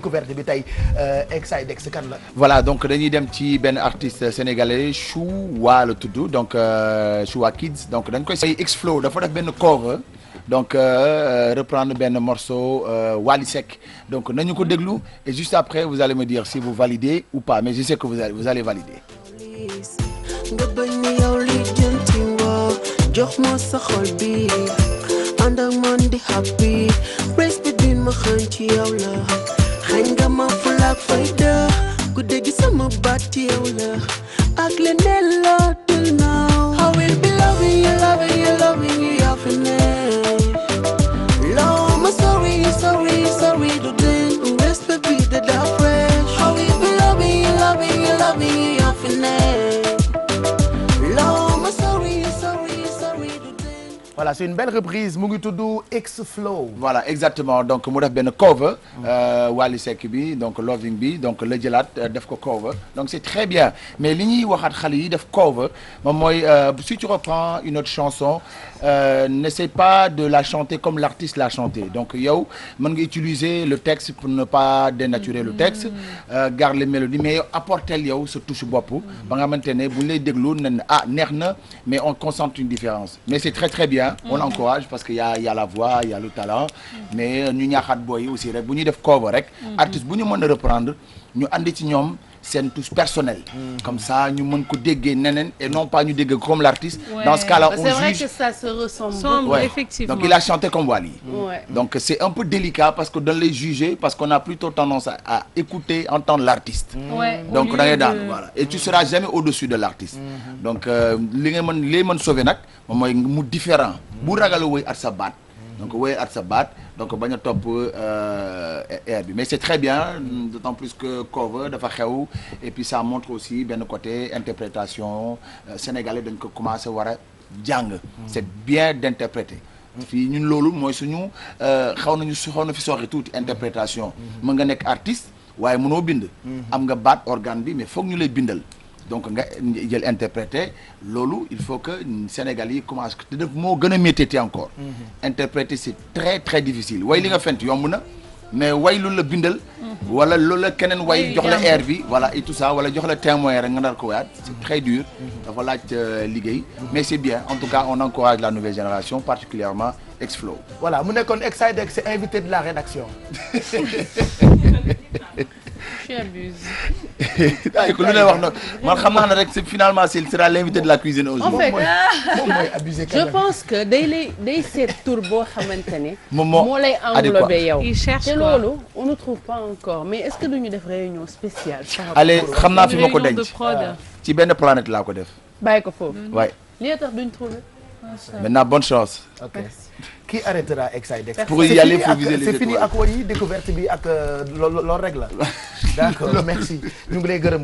découverte bi tey Exidex euh, e kan la. voilà donc dañuy dem ci benn artiste sénégalais Chouwa la tudd donc euh, Chouwa Kids donc dañ koy. ay Xflow dafa def benn cover donc euh, reprendre benn morceau Wally Seck donc nañu ko déglu et juste après vous allez me dire si vous validez ou pas mais je sais que vous allez a allez valider. jox ma sa xol bi ànd ak man di happy race bi din ma xëñ ci yow la voilà c'est une belle reprise mu ngi tudd X Flow. voilà exactement donc mu def benn cover. Euh, Wally Seck bi donc loving bi donc la jëlaat euh, def ko cover donc c'est très bien mais li ñuy waxaat xale yi def cover moom mooy euh, si tu reprends une autre chanson euh, n'essaie pas de la chanter comme l'artiste l'a chantée donc yow mën nga utiliser le texte pour ne pas dénaturer le texte mm. euh, garde les mélodies mais yow apporter yow surtout touche bopp ba nga xamante ne bu ñu lay déglu ne ah neex na mais on concentre une différence mais c'est très bien. hein. on mhm. encourage parce que y a y a la voix y a le talent. mais ñu ñaaxaat booy yi aussi rek bu ñuy def cover rek. Mhm. artiste bu ñu mën a reprendre ñu andi ci ñoom. seen touche personnelle. comme ça ñu mën ko déggee neneen et non pas ñu dégg comme l' artiste. dans ce cas là on juge c'est que ça se ressemble effectivement donc c' est un peu délicat parce que dañ lay juger parce qu'on a plutôt tendance à écouter entendre l' artiste. Mm. donc da ngay daan de l' mm. artiste. Mm-hmm. donc euh, li nga mën li mën sauver nag moom mooy mu différent bu ragal a wéy at sa baat mm. donc wéy at sa baat. donc bañ a topp euh, air bi mais c'est très bien d'autant plus que cover dafa xew et puis ça montre aussi benn côté interprétation euh, sénégalais dañ ko commencé war a jàng c'est bien d'interpréter fii ñun loolu mooy suñu euh, xaw nañu xaw na fi sooxe tuuti interprétation mm-hmm. mën nga nekk artiste waaye mënoo bind mm-hmm. am nga baat organe bi mais foog ñu lay bindal donc nga jël interpréter loolu il faut que Sénégal yi commence te def moo gën a métti encore mhm. interpréter c'est très très difficile way li nga fent yomb na mais way lu la bindal mhm. wala loolu la keneen way jox la air bi voilà et tout ça wala jox la témoin rek nga nar ko wayaat c'est mhm. très dur dafa laaj euh, liggéey mais c'est bien en tout cas on encourage la nouvelle génération particulièrement Exflow voilà mu nekkoon Exside c'est invité de la rédaction ay ku lu ne wax nag man xam naa ne rek c'est finalement c'est sera l'invité de la cuisine aujourd'hui. en fait moom mooy abusé je pense que day lay day seet tur boo xamante ne. moom moo lay englobé yow. te loolu on ne trouve pas encore mais est-ce que duñu def réunion spéciale. allez xam naa fi ma ko denc ci benn planète laa ko def. bàyyi ko foofu. waay li tax duñ trouvé. maintenant bonne chance. ok qui arrêtera Excidex. pour y aller pour viser les étoiles c'est fini ak c'est fini ak woy yi découverte bi ak euh, loolu loolu rek la. d'accord merci ñu ngi lay gërëm.